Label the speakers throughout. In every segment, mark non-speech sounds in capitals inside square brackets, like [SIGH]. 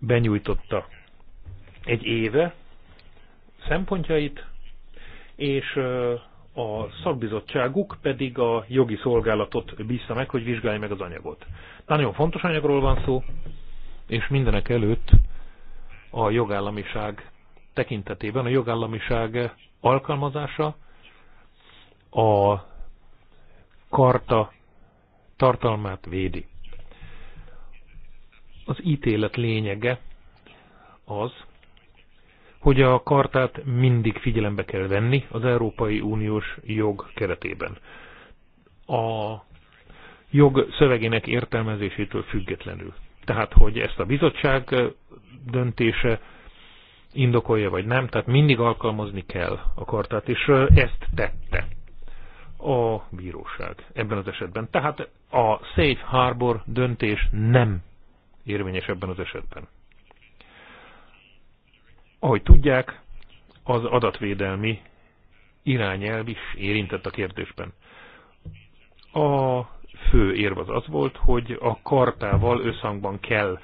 Speaker 1: benyújtotta egy éve szempontjait, és a szakbizottságuk pedig a jogi szolgálatot bízta meg, hogy vizsgálja meg az anyagot. Nagyon fontos anyagról van szó, és mindenek előtt a jogállamiság tekintetében a jogállamiság alkalmazása, a karta tartalmát védi. Az ítélet lényege az, hogy a kartát mindig figyelembe kell venni az Európai Uniós jog keretében. A jog szövegének értelmezésétől függetlenül. Tehát, hogy ezt a bizottság döntése indokolja vagy nem, tehát mindig alkalmazni kell a kartát, és ezt tette a bíróság ebben az esetben. Tehát a Safe Harbor döntés nem érvényes ebben az esetben. Ahogy tudják, az adatvédelmi irányelv is érintett a kérdésben. A fő érv az az volt, hogy a kartával összhangban kell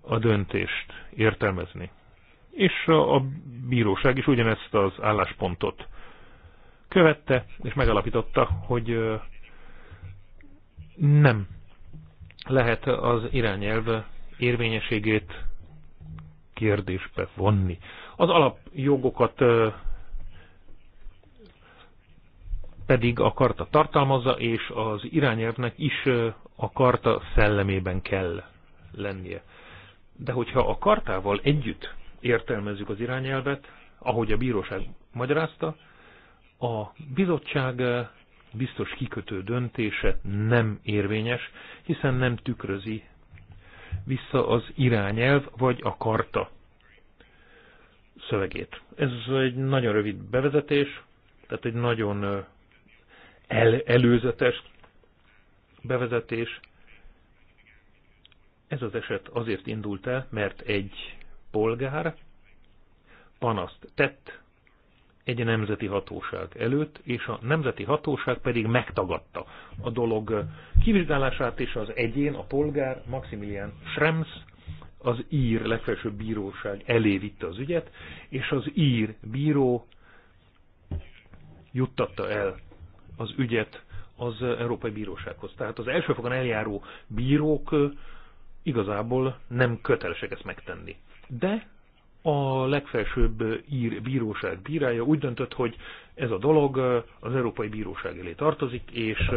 Speaker 1: a döntést értelmezni. És a bíróság is ugyanezt az álláspontot követte, és megalapította, hogy nem lehet az irányelv érvényességét kérdésbe vonni. Az alapjogokat pedig a karta tartalmazza, és az irányelvnek is a karta szellemében kell lennie. De hogyha a kartával együtt értelmezzük az irányelvet, ahogy a bíróság magyarázta, a bizottság biztos kikötő döntése nem érvényes, hiszen nem tükrözi vissza az irányelv vagy a karta szövegét. Ez egy nagyon rövid bevezetés, tehát egy nagyon el, előzetes bevezetés. Ez az eset azért indult el, mert egy polgár panaszt tett egy nemzeti hatóság előtt, és a nemzeti hatóság pedig megtagadta a dolog kivizsgálását, és az egyén, a polgár, Maximilian Schrems, az ír legfelsőbb bíróság elé vitte az ügyet, és az ír bíró juttatta el az ügyet az Európai Bírósághoz. Tehát az elsőfokon eljáró bírók igazából nem kötelesek ezt megtenni. De a legfelsőbb ír bíróság bírája úgy döntött, hogy ez a dolog az Európai Bíróság elé tartozik, és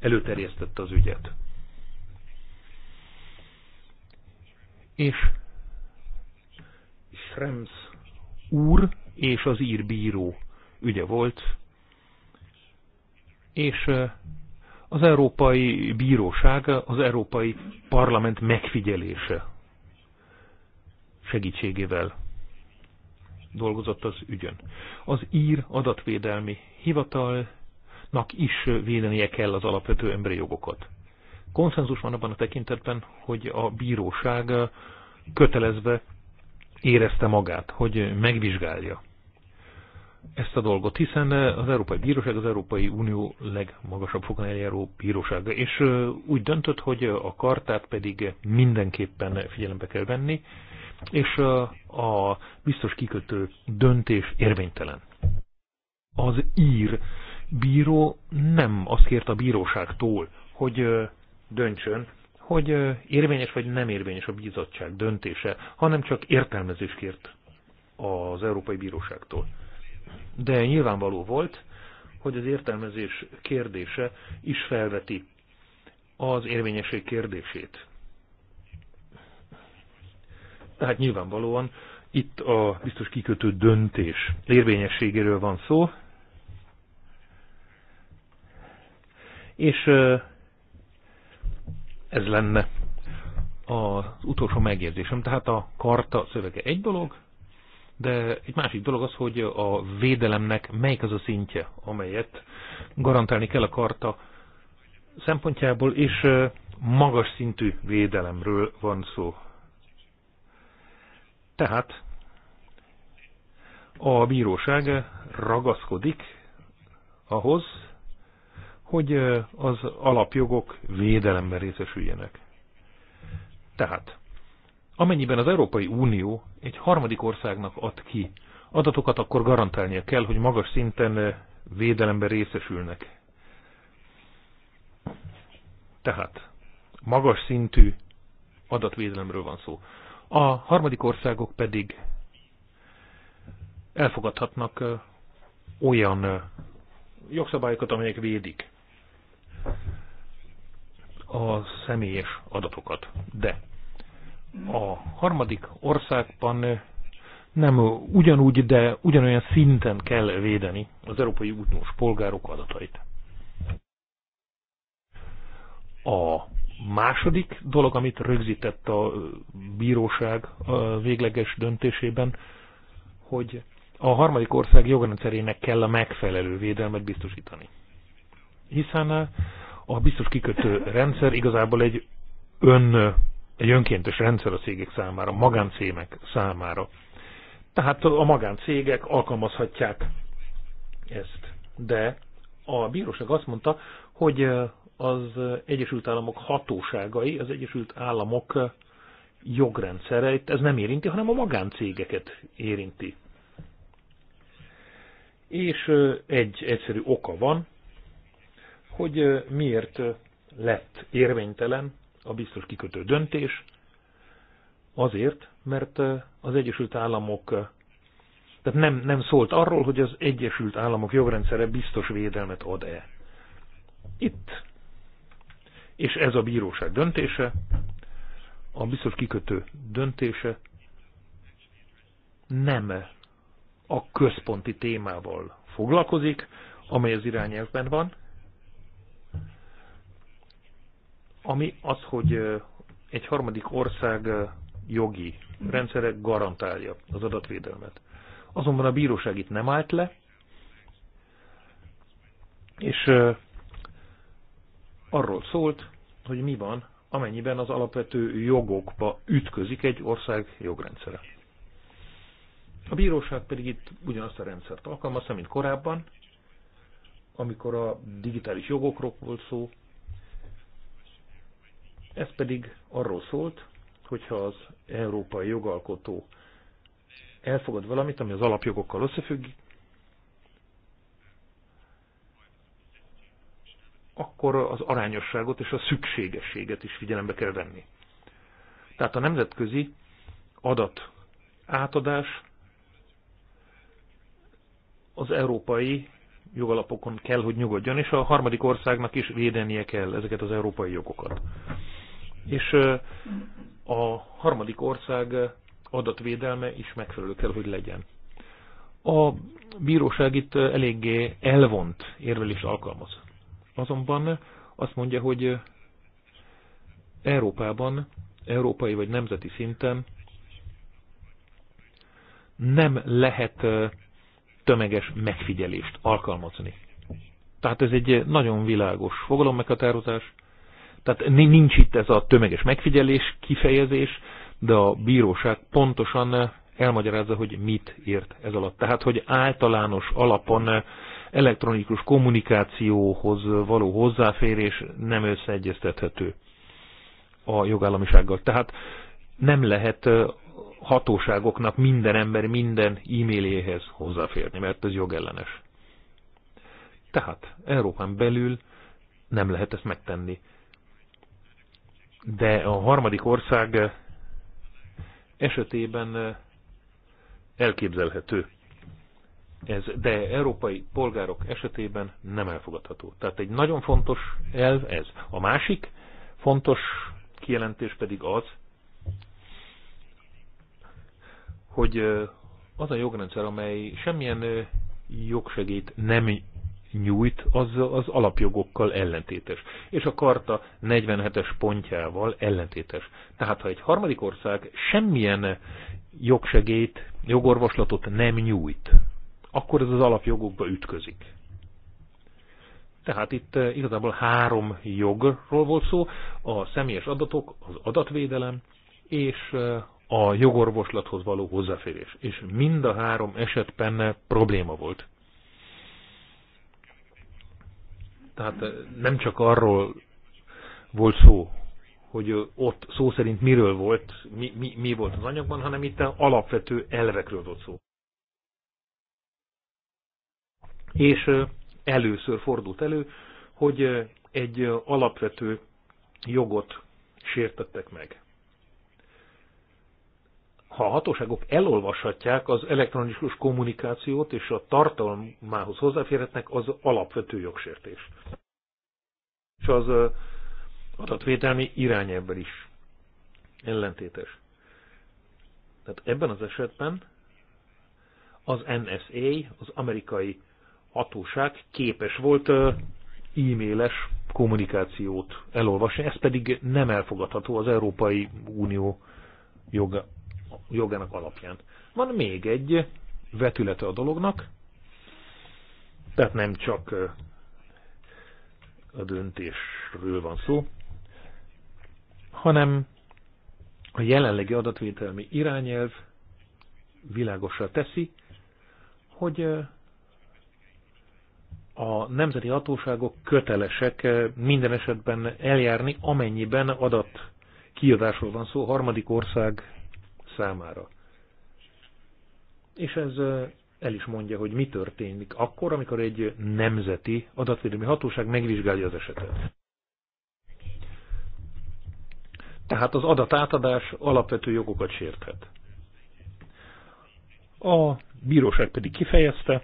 Speaker 1: előterjesztette az ügyet. És Schrems úr és az ír bíró ügye volt, és az Európai Bíróság, az Európai Parlament megfigyelése segítségével dolgozott az ügyön. Az ír adatvédelmi hivatalnak is védenie kell az alapvető emberi jogokat. Konszenzus van abban a tekintetben, hogy a bíróság kötelezve érezte magát, hogy megvizsgálja ezt a dolgot, hiszen az Európai Bíróság az Európai Unió legmagasabb fokon eljáró bírósága, és úgy döntött, hogy a kartát pedig mindenképpen figyelembe kell venni, és a biztos kikötő döntés érvénytelen. Az ír bíró nem azt kért a bíróságtól, hogy döntsön, hogy érvényes vagy nem érvényes a bizottság döntése, hanem csak értelmezést kért az Európai Bíróságtól. De nyilvánvaló volt, hogy az értelmezés kérdése is felveti az érvényesség kérdését. Tehát nyilvánvalóan itt a biztos kikötő döntés érvényességéről van szó, és ez lenne az utolsó megjegyzésem. Tehát a karta szövege egy dolog, de egy másik dolog az, hogy a védelemnek melyik az a szintje, amelyet garantálni kell a karta szempontjából, és magas szintű védelemről van szó. Tehát a bíróság ragaszkodik ahhoz, hogy az alapjogok védelemben részesüljenek. Tehát, amennyiben az Európai Unió egy harmadik országnak ad ki adatokat, akkor garantálnia kell, hogy magas szinten védelemben részesülnek. Tehát, magas szintű adatvédelemről van szó. A harmadik országok pedig elfogadhatnak olyan jogszabályokat, amelyek védik a személyes adatokat. De a harmadik országban nem ugyanúgy, de ugyanolyan szinten kell védeni az Európai Uniós polgárok adatait. A második dolog, amit rögzített a bíróság a végleges döntésében, hogy a harmadik ország jogrendszerének kell a megfelelő védelmet biztosítani. Hiszen a biztos kikötő rendszer igazából egy, ön, egy önkéntes rendszer a cégek számára, a magáncémek számára. Tehát a magáncégek alkalmazhatják ezt. De a bíróság azt mondta, hogy az Egyesült Államok hatóságai, az Egyesült Államok jogrendszereit, ez nem érinti, hanem a magáncégeket érinti. És egy egyszerű oka van, hogy miért lett érvénytelen a biztos kikötő döntés, azért, mert az Egyesült Államok tehát nem, nem szólt arról, hogy az Egyesült Államok jogrendszere biztos védelmet ad-e. Itt és ez a bíróság döntése, a biztos kikötő döntése nem a központi témával foglalkozik, amely az irányelvben van, ami az, hogy egy harmadik ország jogi rendszere garantálja az adatvédelmet. Azonban a bíróság itt nem állt le, és arról szólt, hogy mi van, amennyiben az alapvető jogokba ütközik egy ország jogrendszere. A bíróság pedig itt ugyanazt a rendszert alkalmazta, mint korábban, amikor a digitális jogokról volt szó. Ez pedig arról szólt, hogyha az európai jogalkotó elfogad valamit, ami az alapjogokkal összefügg, akkor az arányosságot és a szükségességet is figyelembe kell venni. Tehát a nemzetközi adat átadás az európai jogalapokon kell, hogy nyugodjon, és a harmadik országnak is védenie kell ezeket az európai jogokat. És a harmadik ország adatvédelme is megfelelő kell, hogy legyen. A bíróság itt eléggé elvont érvelést alkalmaz azonban azt mondja, hogy Európában, európai vagy nemzeti szinten nem lehet tömeges megfigyelést alkalmazni. Tehát ez egy nagyon világos fogalommeghatározás. Tehát nincs itt ez a tömeges megfigyelés kifejezés, de a bíróság pontosan elmagyarázza, hogy mit ért ez alatt. Tehát, hogy általános alapon elektronikus kommunikációhoz való hozzáférés nem összeegyeztethető a jogállamisággal. Tehát nem lehet hatóságoknak minden ember minden e-mailjéhez hozzáférni, mert ez jogellenes. Tehát Európán belül nem lehet ezt megtenni. De a harmadik ország esetében elképzelhető, ez, de európai polgárok esetében nem elfogadható. Tehát egy nagyon fontos elv ez. A másik fontos kijelentés pedig az, hogy az a jogrendszer, amely semmilyen jogsegét nem nyújt, az az alapjogokkal ellentétes. És a karta 47-es pontjával ellentétes. Tehát, ha egy harmadik ország semmilyen jogsegét, jogorvoslatot nem nyújt, akkor ez az alapjogokba ütközik. Tehát itt eh, igazából három jogról volt szó, a személyes adatok, az adatvédelem és eh, a jogorvoslathoz való hozzáférés. És mind a három esetben eh, probléma volt. Tehát nem csak arról volt szó, hogy ott szó szerint miről volt, mi, mi, mi volt az anyagban, hanem itt alapvető elvekről volt szó. És először fordult elő, hogy egy alapvető jogot sértettek meg. Ha a hatóságok elolvashatják az elektronikus kommunikációt és a tartalmához hozzáférhetnek, az alapvető jogsértés. És az adatvédelmi irányelvvel is ellentétes. Tehát ebben az esetben az NSA, az amerikai hatóság képes volt e-mailes kommunikációt elolvasni, ez pedig nem elfogadható az Európai Unió joga, jogának alapján. Van még egy vetülete a dolognak, tehát nem csak a döntésről van szó, hanem a jelenlegi adatvételmi irányelv világosra teszi, hogy a nemzeti hatóságok kötelesek eh, minden esetben eljárni, amennyiben adat kiadásról van szó harmadik ország számára. És ez eh, el is mondja, hogy mi történik akkor, amikor egy nemzeti adatvédelmi hatóság megvizsgálja az esetet. Tehát az adatátadás alapvető jogokat sérthet. A bíróság pedig kifejezte,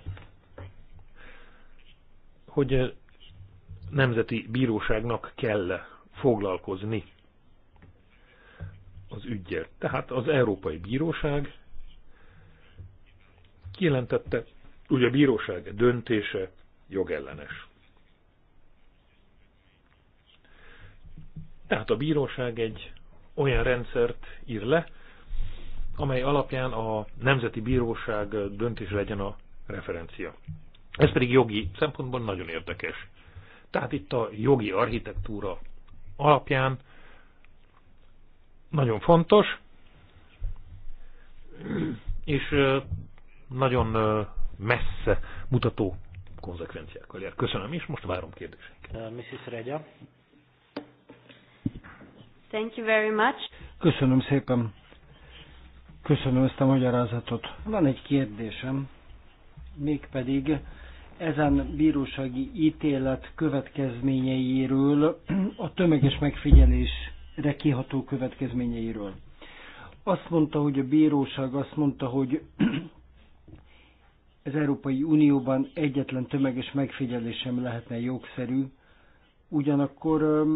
Speaker 1: hogy eh, nemzeti bíróságnak kell foglalkozni az ügyjel. Tehát az Európai Bíróság kijelentette, hogy a bíróság döntése jogellenes. Tehát a bíróság egy olyan rendszert ír le, amely alapján a Nemzeti Bíróság döntés legyen a referencia. Ez pedig jogi szempontból nagyon érdekes. Tehát itt a jogi architektúra alapján nagyon fontos, és nagyon messze mutató konzekvenciákkal jár. Köszönöm, és most várom kérdéseket. Uh, Mrs.
Speaker 2: Rega. Thank you very much.
Speaker 3: Köszönöm szépen. Köszönöm ezt a magyarázatot. Van egy kérdésem, mégpedig ezen bírósági ítélet következményeiről, a tömeges megfigyelésre kiható következményeiről. Azt mondta, hogy a bíróság azt mondta, hogy az Európai Unióban egyetlen tömeges megfigyelés sem lehetne jogszerű, ugyanakkor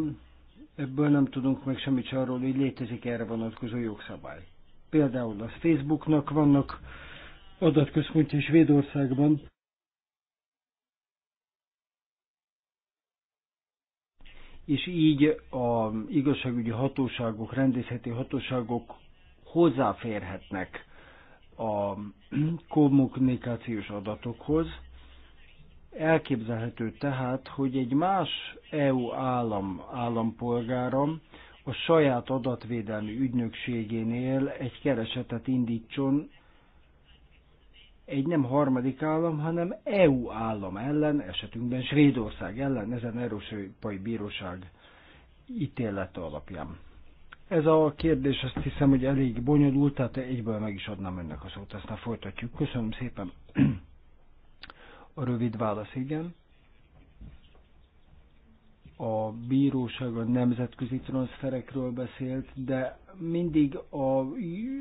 Speaker 3: ebből nem tudunk meg semmit arról, hogy létezik erre vonatkozó jogszabály. Például a Facebooknak vannak adatközpontja Védországban, és így a igazságügyi hatóságok, rendészeti hatóságok hozzáférhetnek a kommunikációs adatokhoz. Elképzelhető tehát, hogy egy más EU állam állampolgára a saját adatvédelmi ügynökségénél egy keresetet indítson egy nem harmadik állam, hanem EU állam ellen, esetünkben Svédország ellen, ezen Európai Bíróság ítélete alapján. Ez a kérdés azt hiszem, hogy elég bonyolult, tehát egyből meg is adnám önnek a szót, aztán folytatjuk. Köszönöm szépen. [CLEARS THROAT] A rövid válasz igen a bíróság a nemzetközi transferekről beszélt, de mindig a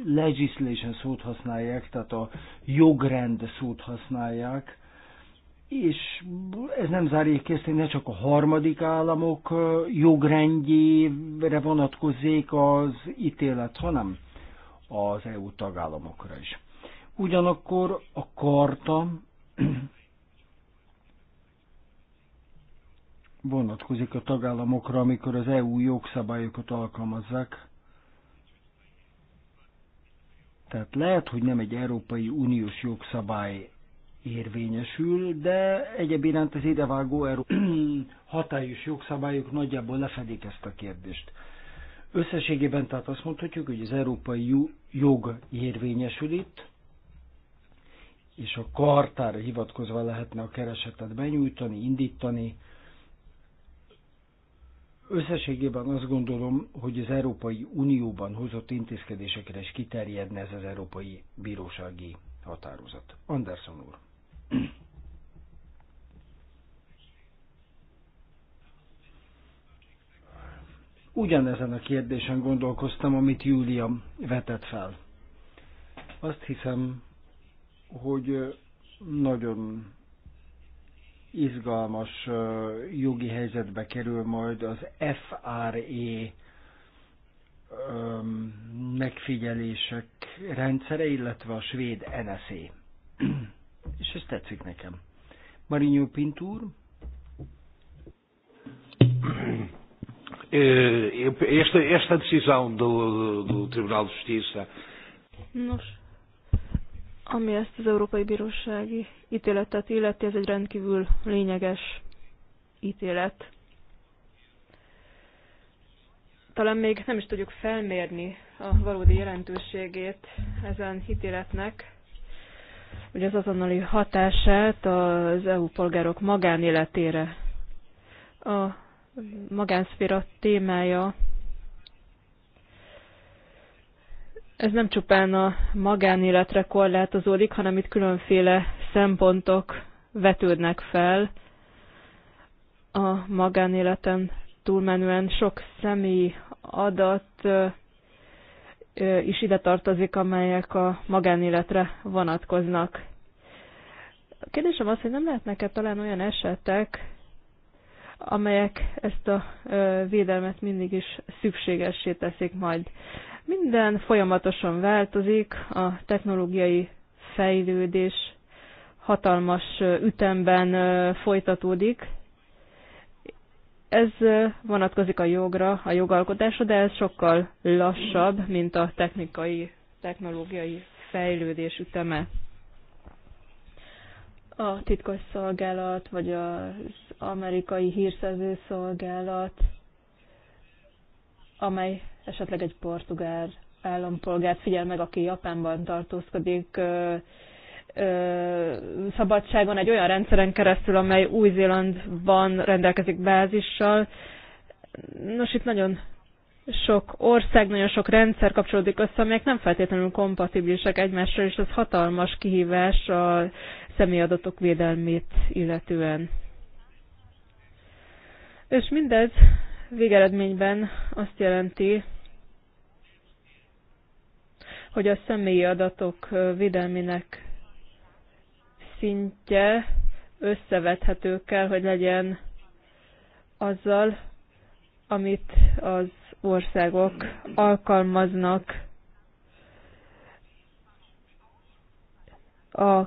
Speaker 3: legislation szót használják, tehát a jogrend szót használják, és ez nem zárja ki ezt, hogy ne csak a harmadik államok jogrendjére vonatkozzék az ítélet, hanem az EU tagállamokra is. Ugyanakkor a karta vonatkozik a tagállamokra, amikor az EU jogszabályokat alkalmazzák. Tehát lehet, hogy nem egy Európai Uniós jogszabály érvényesül, de egyéb iránt az idevágó [CLEARS THROAT] hatályos jogszabályok nagyjából lefedik ezt a kérdést. Összességében tehát azt mondhatjuk, hogy az európai jog érvényesül itt, és a kartára hivatkozva lehetne a keresetet benyújtani, indítani, Összességében azt gondolom, hogy az Európai Unióban hozott intézkedésekre is kiterjedne ez az Európai Bírósági Határozat. Anderson úr. Ugyanezen a kérdésen gondolkoztam, amit Júlia vetett fel. Azt hiszem, hogy nagyon izgalmas jogi helyzetbe kerül majd az FRE megfigyelések rendszere, illetve a svéd NSA. [CLEARS THROAT] És ez tetszik nekem. Marinho Pintúr?
Speaker 1: Esta, esta decisão do, do Tribunal de Justiça.
Speaker 2: Nos, ami ezt az Európai Bírósági ítéletet illeti, ez egy rendkívül lényeges ítélet. Talán még nem is tudjuk felmérni a valódi jelentőségét ezen ítéletnek, hogy az azonnali hatását az EU polgárok magánéletére. A magánszféra témája ez nem csupán a magánéletre korlátozódik, hanem itt különféle szempontok vetődnek fel a magánéleten túlmenően sok személyi adat is ide tartozik, amelyek a magánéletre vonatkoznak. A kérdésem az, hogy nem lehetnek-e talán olyan esetek, amelyek ezt a védelmet mindig is szükségessé teszik majd. Minden folyamatosan változik, a technológiai fejlődés hatalmas ütemben folytatódik. Ez vonatkozik a jogra, a jogalkotásra, de ez sokkal lassabb, mint a technikai, technológiai fejlődés üteme a titkos szolgálat, vagy az amerikai hírszerző szolgálat, amely esetleg egy portugál állampolgárt figyel meg, aki Japánban tartózkodik szabadságon egy olyan rendszeren keresztül, amely Új-Zélandban rendelkezik bázissal. Nos, itt nagyon sok ország, nagyon sok rendszer kapcsolódik össze, amelyek nem feltétlenül kompatibilisek egymással, és ez hatalmas kihívás a személyadatok védelmét illetően. És mindez végeredményben azt jelenti, hogy a személyi adatok védelmének szintje összevethető kell, hogy legyen azzal, amit az országok alkalmaznak a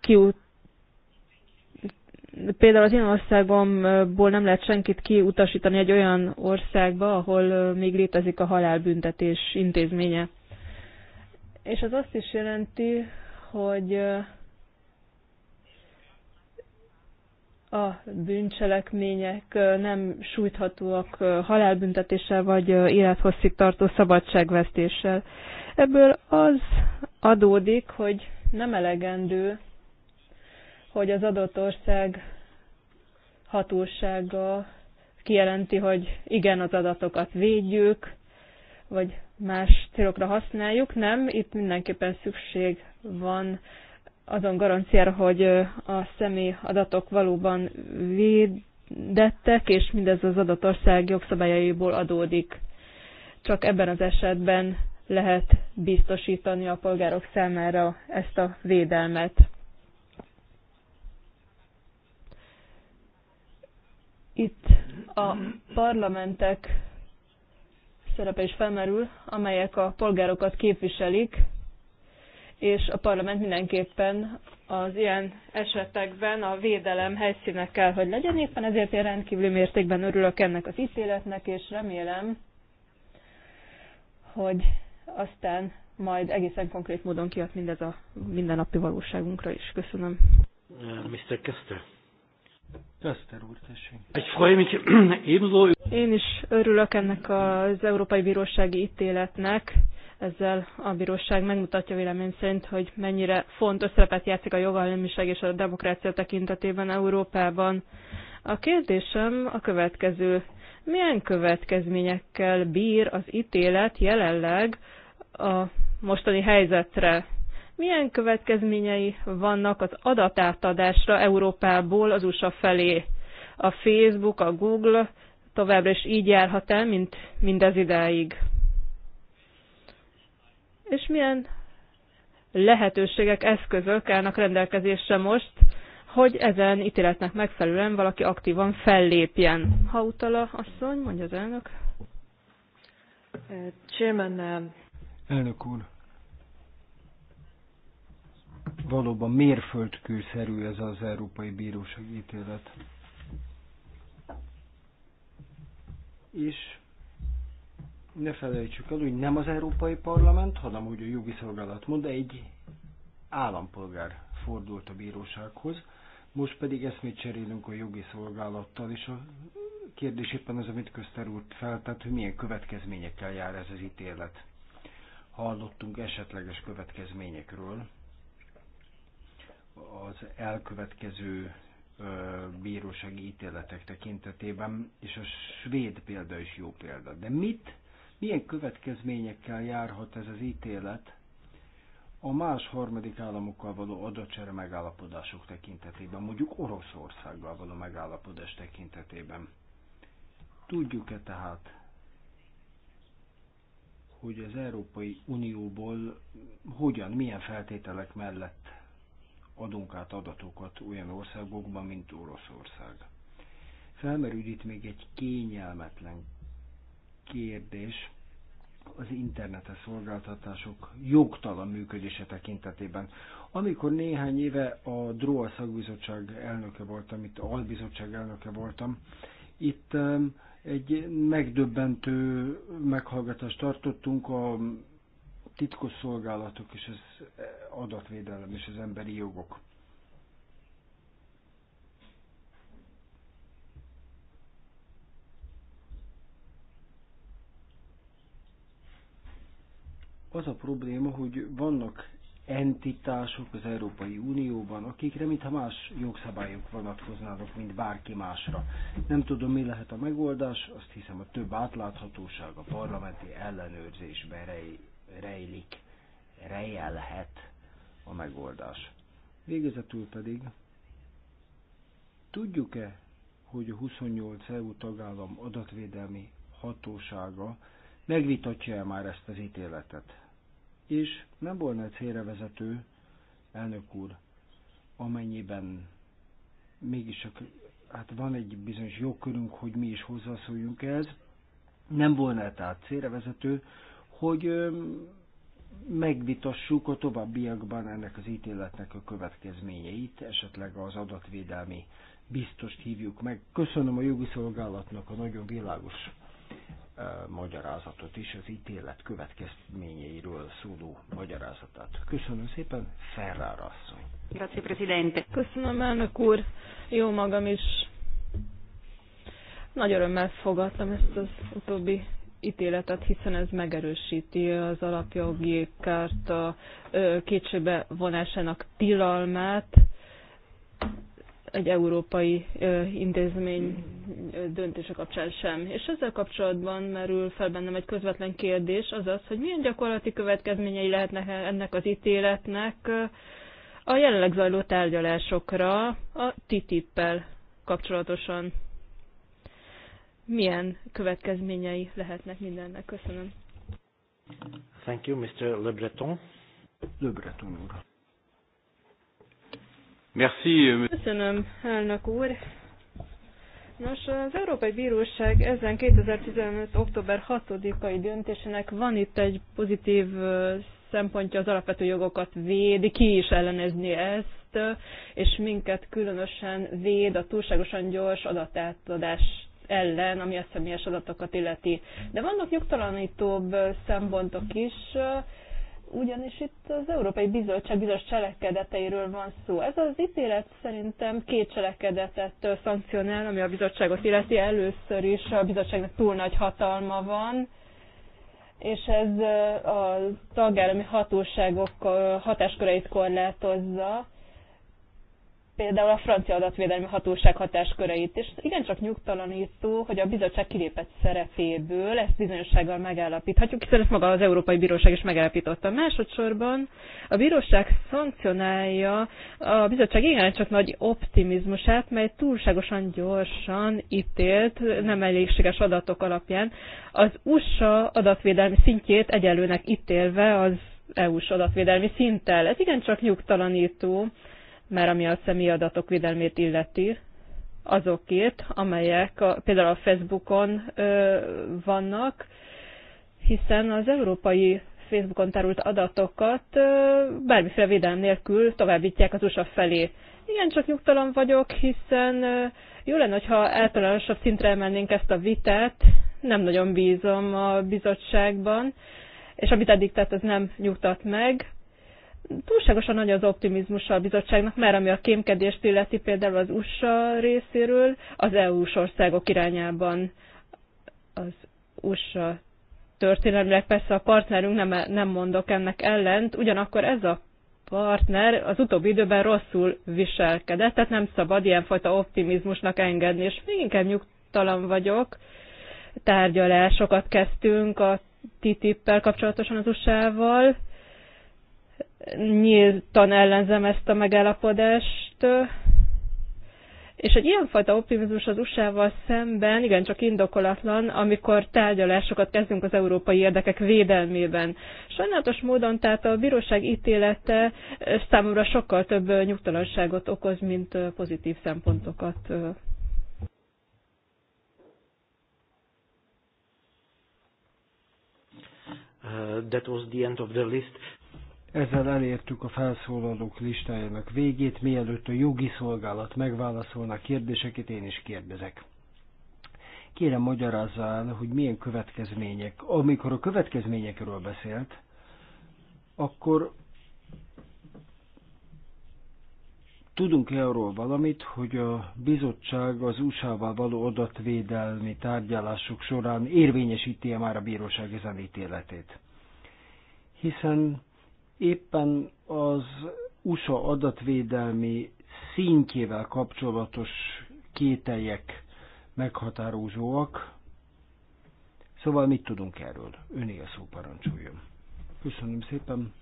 Speaker 2: kiút például az én országomból nem lehet senkit kiutasítani egy olyan országba, ahol még létezik a halálbüntetés intézménye. És ez azt is jelenti, hogy a bűncselekmények nem sújthatóak halálbüntetéssel vagy élethosszig tartó szabadságvesztéssel. Ebből az adódik, hogy nem elegendő, hogy az adott ország hatósága kijelenti, hogy igen, az adatokat védjük, vagy más célokra használjuk, nem, itt mindenképpen szükség van azon garanciára, hogy a személy adatok valóban védettek, és mindez az adatország jogszabályaiból adódik. Csak ebben az esetben lehet biztosítani a polgárok számára ezt a védelmet. Itt a parlamentek szerepe is felmerül, amelyek a polgárokat képviselik, és a parlament mindenképpen az ilyen esetekben a védelem helyszínek kell, hogy legyen. Éppen ezért én rendkívüli mértékben örülök ennek az ítéletnek, és remélem, hogy aztán majd egészen konkrét módon kijött mindez a mindennapi valóságunkra is. Köszönöm.
Speaker 3: Uh, Mr. Kester. Köszter úr, tessék.
Speaker 2: [CLEARS THROAT] Én is örülök ennek az Európai Bírósági ítéletnek. Ezzel a bíróság megmutatja vélemény szerint, hogy mennyire fontos szerepet játszik a jogállamiság és a demokrácia tekintetében Európában. A kérdésem a következő. Milyen következményekkel bír az ítélet jelenleg a mostani helyzetre milyen következményei vannak az adatátadásra Európából az USA felé? A Facebook, a Google továbbra is így járhat el, mint mindez idáig. És milyen lehetőségek, eszközök állnak rendelkezésre most, hogy ezen ítéletnek megfelelően valaki aktívan fellépjen. Ha utala asszony, mondja az elnök. Chairman. Uh, elnök
Speaker 3: úr, valóban mérföldkőszerű ez az Európai Bíróság ítélet. És ne felejtsük el, hogy nem az Európai Parlament, hanem hogy a jogi szolgálat mond, egy állampolgár fordult a bírósághoz, most pedig eszmét cserélünk a jogi szolgálattal, és a kérdés éppen az, amit Köszter úr feltett, hogy milyen következményekkel jár ez az ítélet. Hallottunk esetleges következményekről, az elkövetkező bírósági ítéletek tekintetében, és a svéd példa is jó példa. De mit, milyen következményekkel járhat ez az ítélet a más harmadik államokkal való adatcsere megállapodások tekintetében, mondjuk Oroszországgal való megállapodás tekintetében? Tudjuk-e tehát, hogy az Európai Unióból hogyan, milyen feltételek mellett adunk át adatokat olyan országokban, mint Oroszország. Felmerül itt még egy kényelmetlen kérdés az internetes szolgáltatások jogtalan működése tekintetében. Amikor néhány éve a DROA szakbizottság elnöke voltam, itt albizottság elnöke voltam, itt um, egy megdöbbentő meghallgatást tartottunk a titkos szolgálatok és az eh, adatvédelem és az emberi jogok. Az a probléma, hogy vannak entitások az Európai Unióban, akikre mintha más jogszabályok vonatkoznának, mint bárki másra. Nem tudom, mi lehet a megoldás, azt hiszem a több átláthatóság a parlamenti ellenőrzésben rej, rejlik, rejelhet a megoldás. Végezetül pedig tudjuk-e, hogy a 28 EU tagállam adatvédelmi hatósága megvitatja-e már ezt az ítéletet? És nem volna célra vezető, elnök úr, amennyiben mégis a, hát van egy bizonyos jogkörünk, hogy mi is hozzászóljunk ehhez, nem volna tehát célrevezető, hogy megvitassuk a továbbiakban ennek az ítéletnek a következményeit, esetleg az adatvédelmi biztost hívjuk meg. Köszönöm a jogi szolgálatnak a nagyon világos magyarázatot is, az ítélet következményeiről szóló magyarázatát. Köszönöm szépen, Ferrara asszony.
Speaker 2: Grazie, Presidente. Köszönöm, elnök úr. Jó magam is. Nagy örömmel fogadtam ezt az utóbbi ítéletet, hiszen ez megerősíti az alapjogi a kétségbe vonásának tilalmát egy európai intézmény döntése kapcsán sem. És ezzel kapcsolatban merül fel bennem egy közvetlen kérdés, az az, hogy milyen gyakorlati következményei lehetnek ennek az ítéletnek a jelenleg zajló tárgyalásokra a TTIP-pel kapcsolatosan milyen következményei lehetnek mindennek. Köszönöm.
Speaker 3: Thank you, Mr. Le Breton. Le Breton úr. Merci. Euh,
Speaker 2: Köszönöm, elnök úr. Nos, az Európai Bíróság ezen 2015. október 6-ai döntésének van itt egy pozitív szempontja, az alapvető jogokat védi, ki is ellenezni ezt, és minket különösen véd a túlságosan gyors adatátadás ellen, ami a személyes adatokat illeti. De vannak nyugtalanítóbb szempontok is, ugyanis itt az Európai Bizottság bizonyos cselekedeteiről van szó. Ez az ítélet szerintem két cselekedetet szankcionál, ami a bizottságot illeti. Először is a bizottságnak túl nagy hatalma van, és ez a tagállami hatóságok hatásköreit korlátozza, például a francia adatvédelmi hatóság hatásköreit, és igencsak nyugtalanító, hogy a bizottság kilépett szerepéből, ezt bizonyossággal megállapíthatjuk, hiszen ezt maga az Európai Bíróság is megállapította. Másodszorban a bíróság szankcionálja a bizottság igencsak nagy optimizmusát, mely túlságosan gyorsan ítélt, nem elégséges adatok alapján. Az USA adatvédelmi szintjét egyelőnek ítélve az EU-s adatvédelmi szinttel. Ez igencsak nyugtalanító már ami a személyi adatok védelmét illeti, azokért, amelyek a, például a Facebookon ö, vannak, hiszen az európai Facebookon tárult adatokat ö, bármiféle védelem nélkül továbbítják az USA felé. Igen, csak nyugtalan vagyok, hiszen ö, jó lenne, ha általánosabb szintre emelnénk ezt a vitát, nem nagyon bízom a bizottságban, és amit eddig tett, az nem nyugtat meg túlságosan nagy az optimizmusa a bizottságnak, mert ami a kémkedést illeti például az USA részéről, az EU-s országok irányában az USA történelmileg persze a partnerünk nem, nem mondok ennek ellent, ugyanakkor ez a partner az utóbbi időben rosszul viselkedett, tehát nem szabad ilyenfajta optimizmusnak engedni, és még inkább nyugtalan vagyok. Tárgyalásokat kezdtünk a TTIP-pel kapcsolatosan az USA-val, nyíltan ellenzem ezt a megállapodást, és egy ilyenfajta optimizmus az USA-val szemben igencsak indokolatlan, amikor tárgyalásokat kezdünk az európai érdekek védelmében. Sajnálatos módon tehát a bíróság ítélete számomra sokkal több nyugtalanságot okoz, mint pozitív szempontokat.
Speaker 3: Uh, that was the end of the list. Ezzel elértük a felszólalók listájának végét, mielőtt a jogi szolgálat megválaszolná kérdéseket, én is kérdezek. Kérem magyarázza el, hogy milyen következmények. Amikor a következményekről beszélt, akkor Tudunk-e arról valamit, hogy a bizottság az USA-val való adatvédelmi tárgyalások során érvényesíti-e már a bíróság ezen ítéletét? Hiszen éppen az USA adatvédelmi szintjével kapcsolatos kételjek meghatározóak. Szóval mit tudunk erről? Öné a szó parancsoljon. Köszönöm szépen.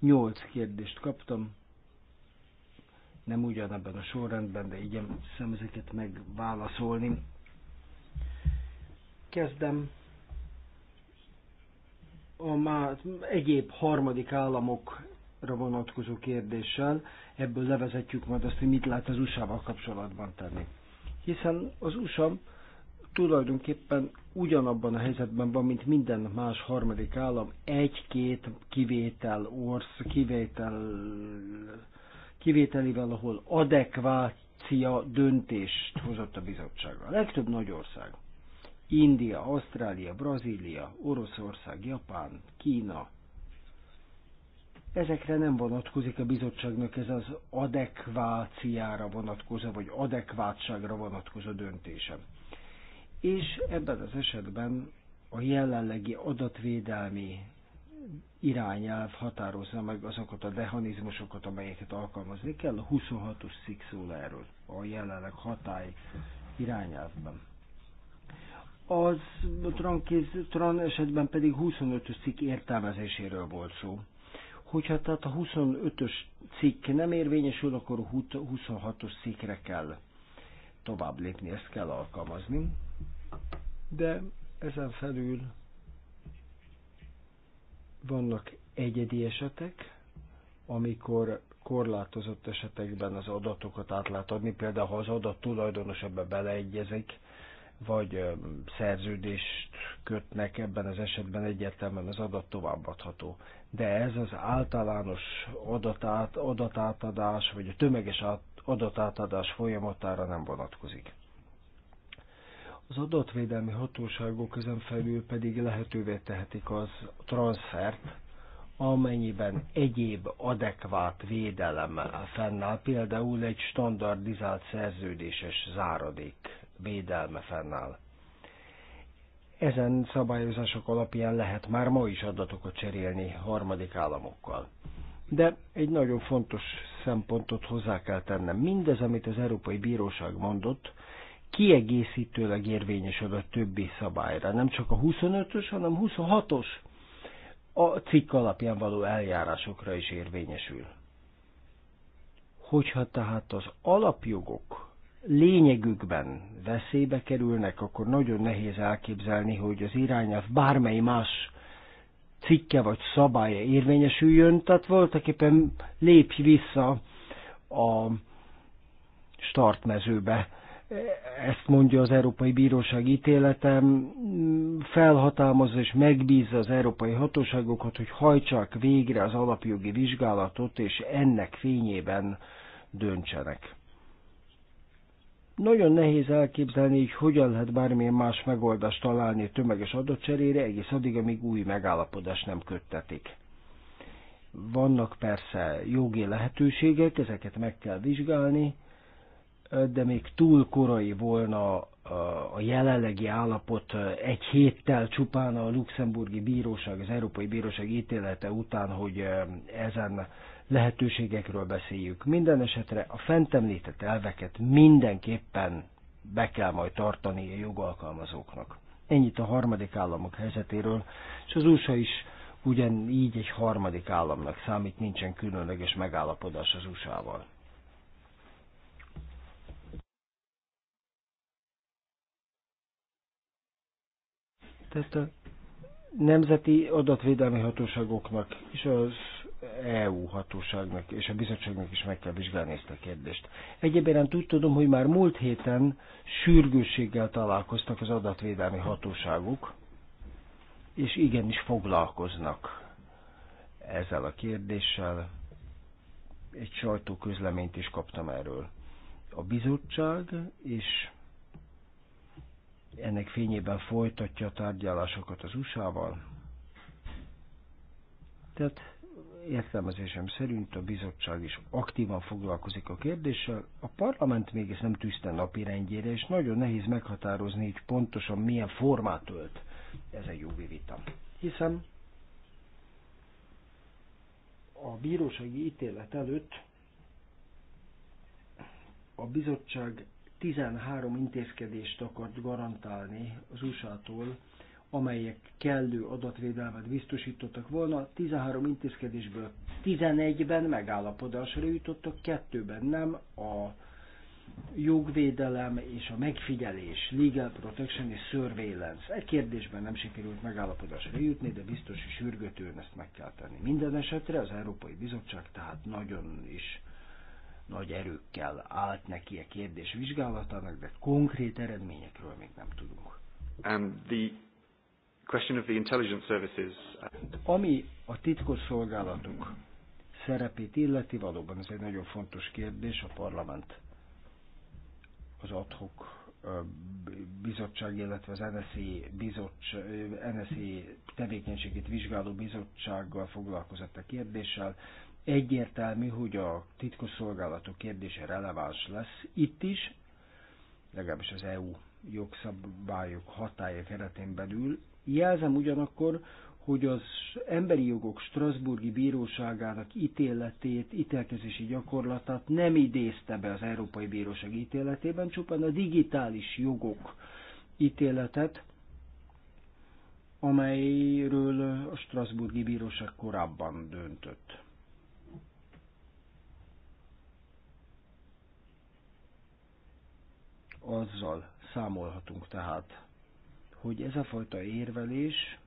Speaker 3: Nyolc kérdést kaptam. Nem ugyanebben a sorrendben, de igyem szemezeket megválaszolni. Kezdem a már egyéb harmadik államokra vonatkozó kérdéssel, ebből levezetjük majd azt, hogy mit lát az USA-val kapcsolatban tenni. Hiszen az USA tulajdonképpen ugyanabban a helyzetben van, mint minden más harmadik állam, egy-két kivétel, orsz, kivétel, kivételivel, ahol adekvácia döntést hozott a bizottság. A legtöbb nagy ország India, Ausztrália, Brazília, Oroszország, Japán, Kína. Ezekre nem vonatkozik a bizottságnak ez az adekváciára vonatkozó, vagy adekvátságra vonatkozó döntése. És ebben az esetben a jelenlegi adatvédelmi irányelv határozza meg azokat a mechanizmusokat, amelyeket alkalmazni kell. A 26-os szikszól erről a jelenleg hatály irányelvben az Tron esetben pedig 25-ös cikk értelmezéséről volt szó. Hogyha tehát a 25-ös cikk nem érvényesül, akkor a 26-os cikkre kell tovább lépni, ezt kell alkalmazni. De ezen felül vannak egyedi esetek, amikor korlátozott esetekben az adatokat át lehet adni, például ha az adat tulajdonos ebbe beleegyezik, vagy szerződést kötnek, ebben az esetben egyértelműen az adat továbbadható. De ez az általános adatát, adatátadás, vagy a tömeges adatátadás folyamatára nem vonatkozik. Az adatvédelmi hatóságok ezen felül pedig lehetővé tehetik az transfert, amennyiben egyéb adekvát védelem fennáll, például egy standardizált szerződéses záradék védelme fennáll. Ezen szabályozások alapján lehet már ma is adatokat cserélni harmadik államokkal. De egy nagyon fontos szempontot hozzá kell tennem. Mindez, amit az Európai Bíróság mondott, kiegészítőleg érvényes a többi szabályra. Nem csak a 25-ös, hanem 26-os a cikk alapján való eljárásokra is érvényesül. Hogyha tehát az alapjogok lényegükben veszélybe kerülnek, akkor nagyon nehéz elképzelni, hogy az irányelv bármely más cikke vagy szabálya érvényesüljön, tehát voltak éppen lépj vissza a startmezőbe. Ezt mondja az Európai Bíróság ítélete, felhatalmazza és megbízza az európai hatóságokat, hogy hajtsák végre az alapjogi vizsgálatot, és ennek fényében döntsenek. Nagyon nehéz elképzelni, hogy hogyan lehet bármilyen más megoldást találni a tömeges adatcserére, egész addig, amíg új megállapodást nem köttetik. Vannak persze jogi lehetőségek, ezeket meg kell vizsgálni, de még túl korai volna a jelenlegi állapot egy héttel csupán a luxemburgi bíróság, az Európai Bíróság ítélete után, hogy ehm, ezen lehetőségekről beszéljük. Minden esetre a fent említett elveket mindenképpen be kell majd tartani a jogalkalmazóknak. Ennyit a harmadik államok helyzetéről, és az USA is ugyanígy egy harmadik államnak számít, nincsen különleges megállapodás az USA-val. Tehát a nemzeti adatvédelmi hatóságoknak és az EU hatóságnak és a bizottságnak is meg kell vizsgálni ezt a kérdést. Egyébként úgy tudom, hogy már múlt héten sürgősséggel találkoztak az adatvédelmi hatóságuk, és igenis foglalkoznak ezzel a kérdéssel. Egy sajtóközleményt is kaptam erről. A bizottság és ennek fényében folytatja a tárgyalásokat az USA-val. Tehát értelmezésem szerint a bizottság is aktívan foglalkozik a kérdéssel, a parlament mégis nem tűzte rendjére, és nagyon nehéz meghatározni, hogy pontosan milyen formát ölt ez egy jogi vita. Hiszen a bírósági ítélet előtt a bizottság 13 intézkedést akart garantálni az USA-tól, amelyek kellő adatvédelmet biztosítottak volna. 13 intézkedésből 11-ben megállapodásra jutottak, kettőben nem, a jogvédelem és a megfigyelés, legal protection és surveillance. Egy kérdésben nem sikerült megállapodásra jutni, de biztos, hogy sürgetően ezt meg kell tenni. Minden esetre az Európai Bizottság tehát nagyon is nagy erőkkel állt neki a kérdés vizsgálatának, de konkrét eredményekről még nem tudunk. And the Question of the intelligence services. Ami a titkos szolgálatok szerepét illeti, valóban ez egy nagyon fontos kérdés, a parlament az adhok bizottság, illetve az NSZI, bizottság, NSZI tevékenységét vizsgáló bizottsággal foglalkozott a kérdéssel. Egyértelmű, hogy a titkosszolgálatok kérdése releváns lesz itt is, legalábbis az EU jogszabályok hatája keretén belül, Jelzem ugyanakkor, hogy az emberi jogok Strasburgi Bíróságának ítéletét, ítélkezési gyakorlatát nem idézte be az Európai Bíróság ítéletében, csupán a digitális jogok ítéletet, amelyről a Strasburgi Bíróság korábban döntött. Azzal számolhatunk tehát, hogy ez a fajta érvelés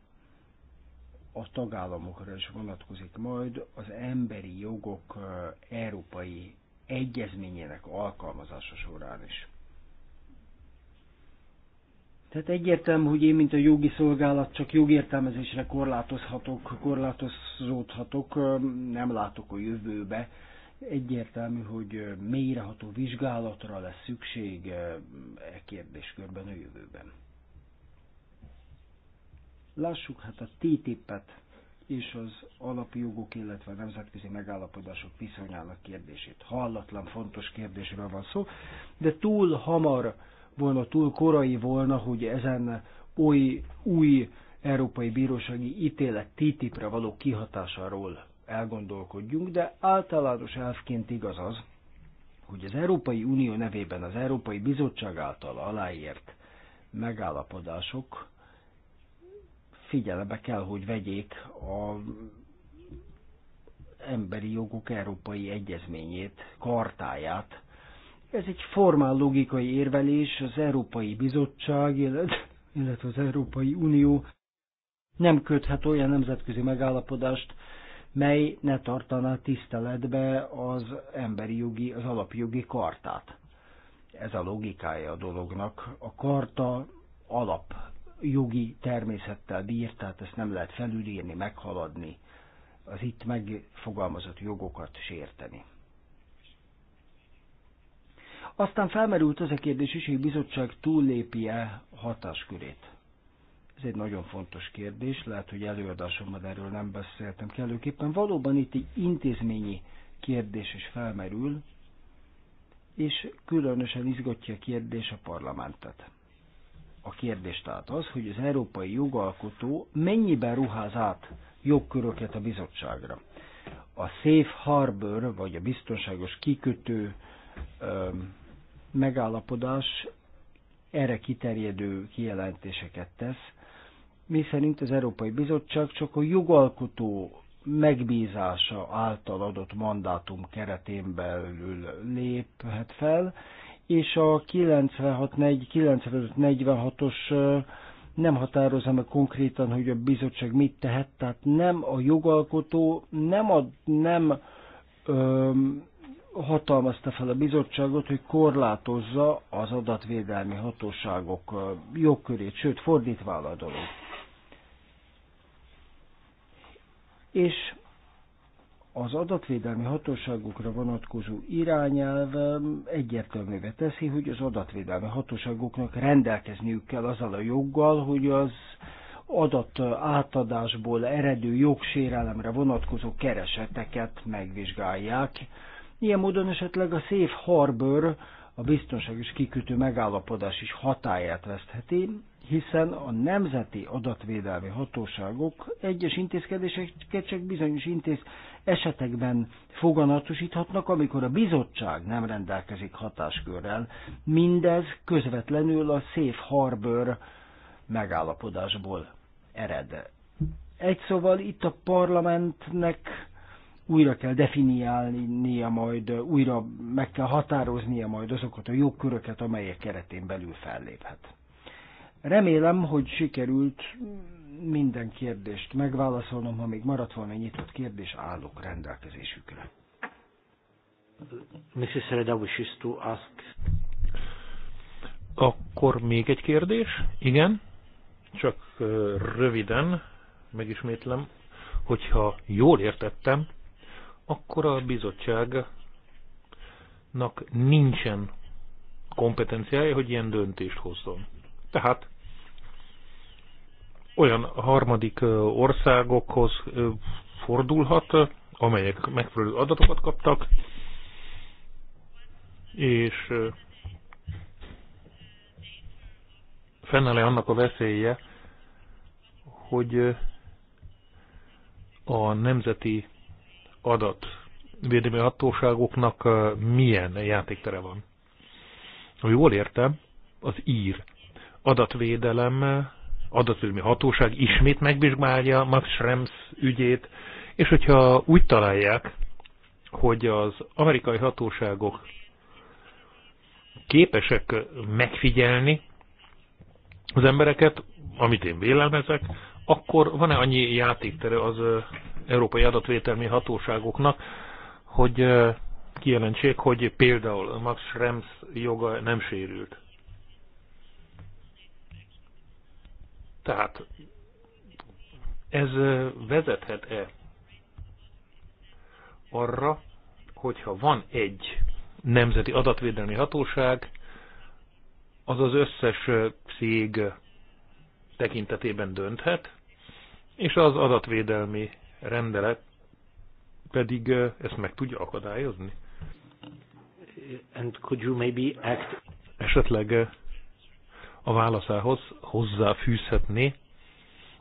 Speaker 3: a tagállamokra is vonatkozik majd az emberi jogok európai egyezményének alkalmazása során is. Tehát egyértelmű, hogy én, mint a jogi szolgálat, csak jogértelmezésre korlátozhatok, korlátozódhatok, nem látok a jövőbe. Egyértelmű, hogy mélyreható vizsgálatra lesz szükség e kérdéskörben a jövőben. Lássuk hát a TTIP-et és az alapjogok, illetve a nemzetközi megállapodások viszonyának kérdését. Hallatlan fontos kérdésről van szó, de túl hamar volna, túl korai volna, hogy ezen új, új Európai Bírósági ítélet TTIP-re való kihatásáról elgondolkodjunk, de általános elfként igaz az, hogy az Európai Unió nevében az Európai Bizottság által aláírt megállapodások figyelembe kell, hogy vegyék a emberi jogok Európai Egyezményét, kartáját. Ez egy formál logikai érvelés, az Európai Bizottság, illetve az Európai Unió nem köthet olyan nemzetközi megállapodást, mely ne tartaná tiszteletbe az emberi jogi, az alapjogi kartát. Ez a logikája a dolognak. A karta alap jogi természettel bír, tehát ezt nem lehet felülírni, meghaladni, az itt megfogalmazott jogokat sérteni. Aztán felmerült az a kérdés is, hogy a bizottság túllépje hatáskörét. Ez egy nagyon fontos kérdés, lehet, hogy előadásomban erről nem beszéltem kellőképpen. Valóban itt egy intézményi kérdés is felmerül, és különösen izgatja a kérdés a parlamentet. A kérdés tehát az, hogy az európai jogalkotó mennyiben ruház át jogköröket a bizottságra. A safe harbor, vagy a biztonságos kikötő ö, megállapodás erre kiterjedő kijelentéseket tesz, mi szerint az Európai Bizottság csak a jogalkotó megbízása által adott mandátum keretén belül léphet fel, és a 96-45-46-os nem határozza meg konkrétan, hogy a bizottság mit tehet, tehát nem a jogalkotó nem, ad, nem ö, hatalmazta fel a bizottságot, hogy korlátozza az adatvédelmi hatóságok jogkörét, sőt fordítva a dolog. És az adatvédelmi hatóságokra vonatkozó irányelv egyértelművé teszi, hogy az adatvédelmi hatóságoknak rendelkezniük kell azzal a joggal, hogy az adat átadásból eredő jogsérelemre vonatkozó kereseteket megvizsgálják. Ilyen módon esetleg a Safe Harbor a biztonságos kikötő megállapodás is hatáját vesztheti, hiszen a nemzeti adatvédelmi hatóságok egyes intézkedéseket csak bizonyos intéz esetekben foganatosíthatnak, amikor a bizottság nem rendelkezik hatáskörrel. Mindez közvetlenül a Safe Harbor megállapodásból ered. Egy szóval itt a parlamentnek újra kell definiálnia majd, újra meg kell határoznia majd azokat a jogköröket, amelyek keretén belül felléphet. Remélem, hogy sikerült minden kérdést megválaszolnom, ha még maradt volna nyitott kérdés, állok rendelkezésükre. Mrs. Reda wishes to ask.
Speaker 1: Akkor még egy kérdés? Igen? Csak röviden megismétlem, hogyha jól értettem, akkor a bizottságnak nincsen kompetenciája, hogy ilyen döntést hozzon. Tehát olyan harmadik országokhoz fordulhat, amelyek megfelelő adatokat kaptak, és fennáll -e annak a veszélye, hogy a nemzeti adatvédelmi hatóságoknak milyen játéktere van. Ha jól értem, az ír adatvédelem, adatvédelmi hatóság ismét megvizsgálja Max Schrems ügyét, és hogyha úgy találják, hogy az amerikai hatóságok képesek megfigyelni az embereket, amit én vélelmezek, akkor van-e annyi játéktere az európai adatvételmi hatóságoknak, hogy kijelentsék, hogy például Max Schrems joga nem sérült. Tehát ez vezethet-e arra, hogyha van egy nemzeti adatvédelmi hatóság, az az összes cég tekintetében dönthet, és az adatvédelmi rendelet pedig ezt meg tudja akadályozni?
Speaker 3: And could you maybe act...
Speaker 1: Esetleg a válaszához hozzáfűzhetné,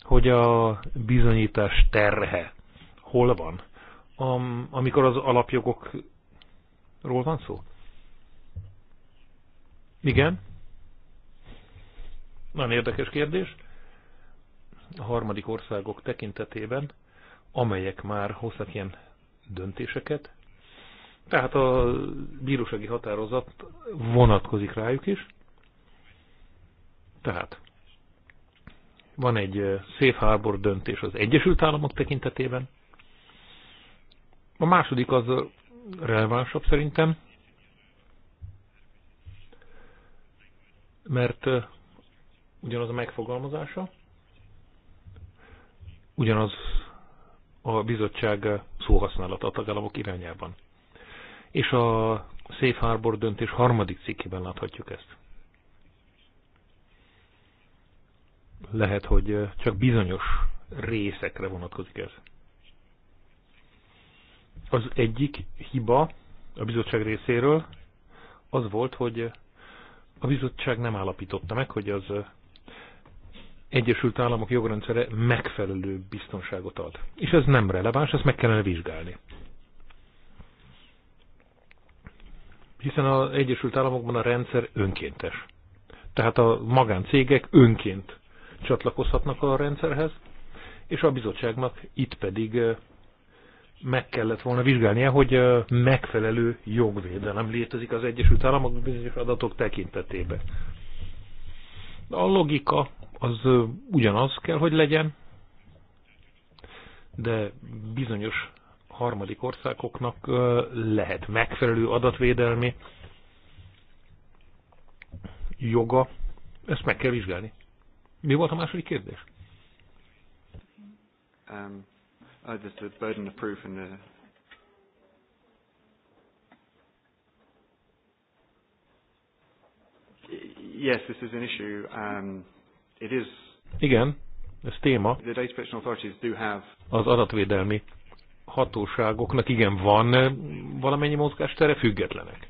Speaker 1: hogy a bizonyítás terhe hol van, Am, amikor az alapjogokról van szó? Igen? Nagyon érdekes kérdés. A harmadik országok tekintetében amelyek már hoztak ilyen döntéseket, tehát a bírósági határozat vonatkozik rájuk is. Tehát van egy eh, Safe Harbor döntés az Egyesült Államok tekintetében. A második az relevánsabb szerintem, mert eh, ugyanaz a megfogalmazása, ugyanaz a bizottság szóhasználata a tagállamok irányában. És a Safe Harbor döntés harmadik cikkében láthatjuk ezt. Lehet, hogy csak bizonyos részekre vonatkozik ez. Az egyik hiba a bizottság részéről az volt, hogy a bizottság nem állapította meg, hogy az Egyesült Államok jogrendszere megfelelő biztonságot ad. És ez nem releváns, ezt meg kellene vizsgálni. Hiszen az Egyesült Államokban a rendszer önkéntes. Tehát a magáncégek önként csatlakozhatnak a rendszerhez, és a bizottságnak itt pedig meg kellett volna vizsgálnia, hogy megfelelő jogvédelem létezik az Egyesült Államok bizonyos adatok tekintetében. A logika az ugyanaz kell, hogy legyen, de bizonyos harmadik országoknak lehet megfelelő adatvédelmi joga. Ezt meg kell vizsgálni. Mi volt a második kérdés? Um, uh, the burden of proof and the yes, this is an issue. Um, igen, ez téma. Az adatvédelmi hatóságoknak igen van eh, valamennyi mozgástere, függetlenek.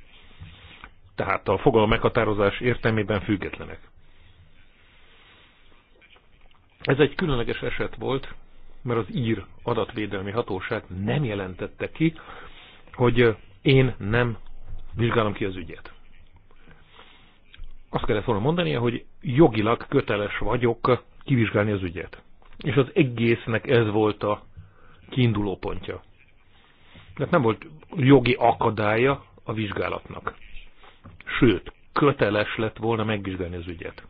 Speaker 1: Tehát a fogalom meghatározás értelmében függetlenek. Ez egy különleges eset volt, mert az ír adatvédelmi hatóság nem jelentette ki, hogy eh, én nem vizsgálom ki az ügyet azt kellett volna mondania, hogy jogilag köteles vagyok kivizsgálni az ügyet. És az egésznek ez volt a kiinduló pontja. Tehát nem volt jogi akadálya a vizsgálatnak. Sőt, köteles lett volna megvizsgálni az ügyet.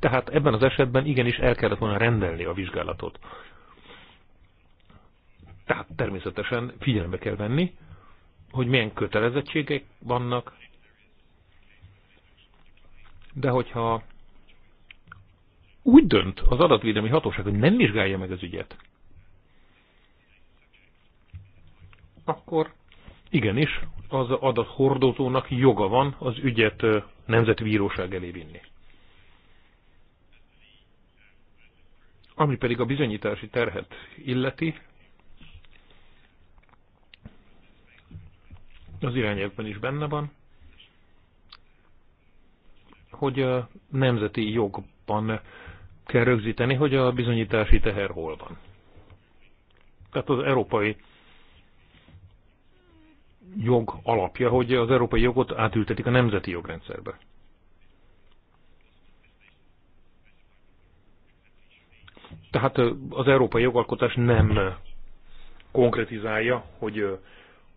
Speaker 1: Tehát ebben az esetben igenis el kellett volna rendelni a vizsgálatot. Tehát természetesen figyelembe kell venni, hogy milyen kötelezettségek vannak, de hogyha úgy dönt az adatvédelmi hatóság, hogy nem vizsgálja meg az ügyet, akkor igenis az adathordozónak joga van az ügyet nemzetbíróság elé vinni. Ami pedig a bizonyítási terhet illeti, az irányelvben is benne van, hogy a nemzeti jogban kell rögzíteni, hogy a bizonyítási teher hol van. Tehát az európai jog alapja, hogy az európai jogot átültetik a nemzeti jogrendszerbe. Tehát az európai jogalkotás nem konkretizálja, hogy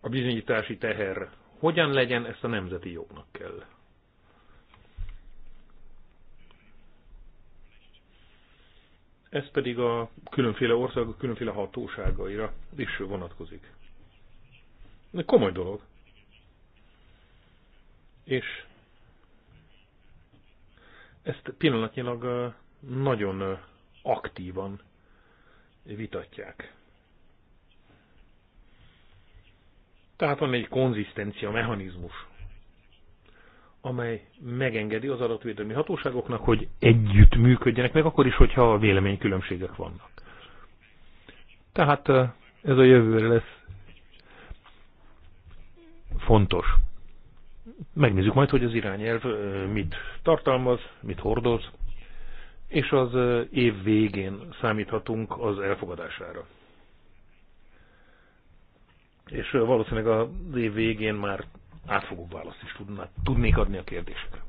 Speaker 1: a bizonyítási teher hogyan legyen, ezt a nemzeti jognak kell. Ez pedig a különféle országok különféle hatóságaira is vonatkozik. Komoly dolog. És ezt pillanatnyilag nagyon aktívan vitatják. Tehát van egy konzisztencia mechanizmus, amely megengedi az adatvédelmi hatóságoknak, hogy együtt működjenek, meg akkor is, hogyha véleménykülönbségek vannak. Tehát ez a jövőre lesz fontos. Megnézzük majd, hogy az irányelv mit tartalmaz, mit hordoz, és az év végén számíthatunk az elfogadására és valószínűleg a év végén már átfogó választ is tudná, tudnék adni a kérdésre.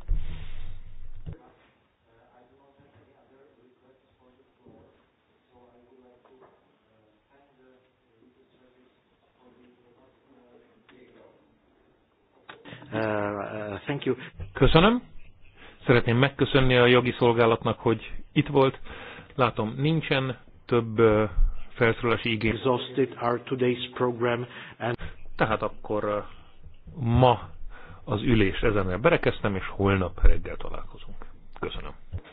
Speaker 1: Uh, thank you. Köszönöm. Szeretném megköszönni a jogi szolgálatnak, hogy itt volt. Látom, nincsen több felszólalási igény. Tehát akkor eh, ma az ülés ezennel berekeztem, és holnap reggel találkozunk. Köszönöm.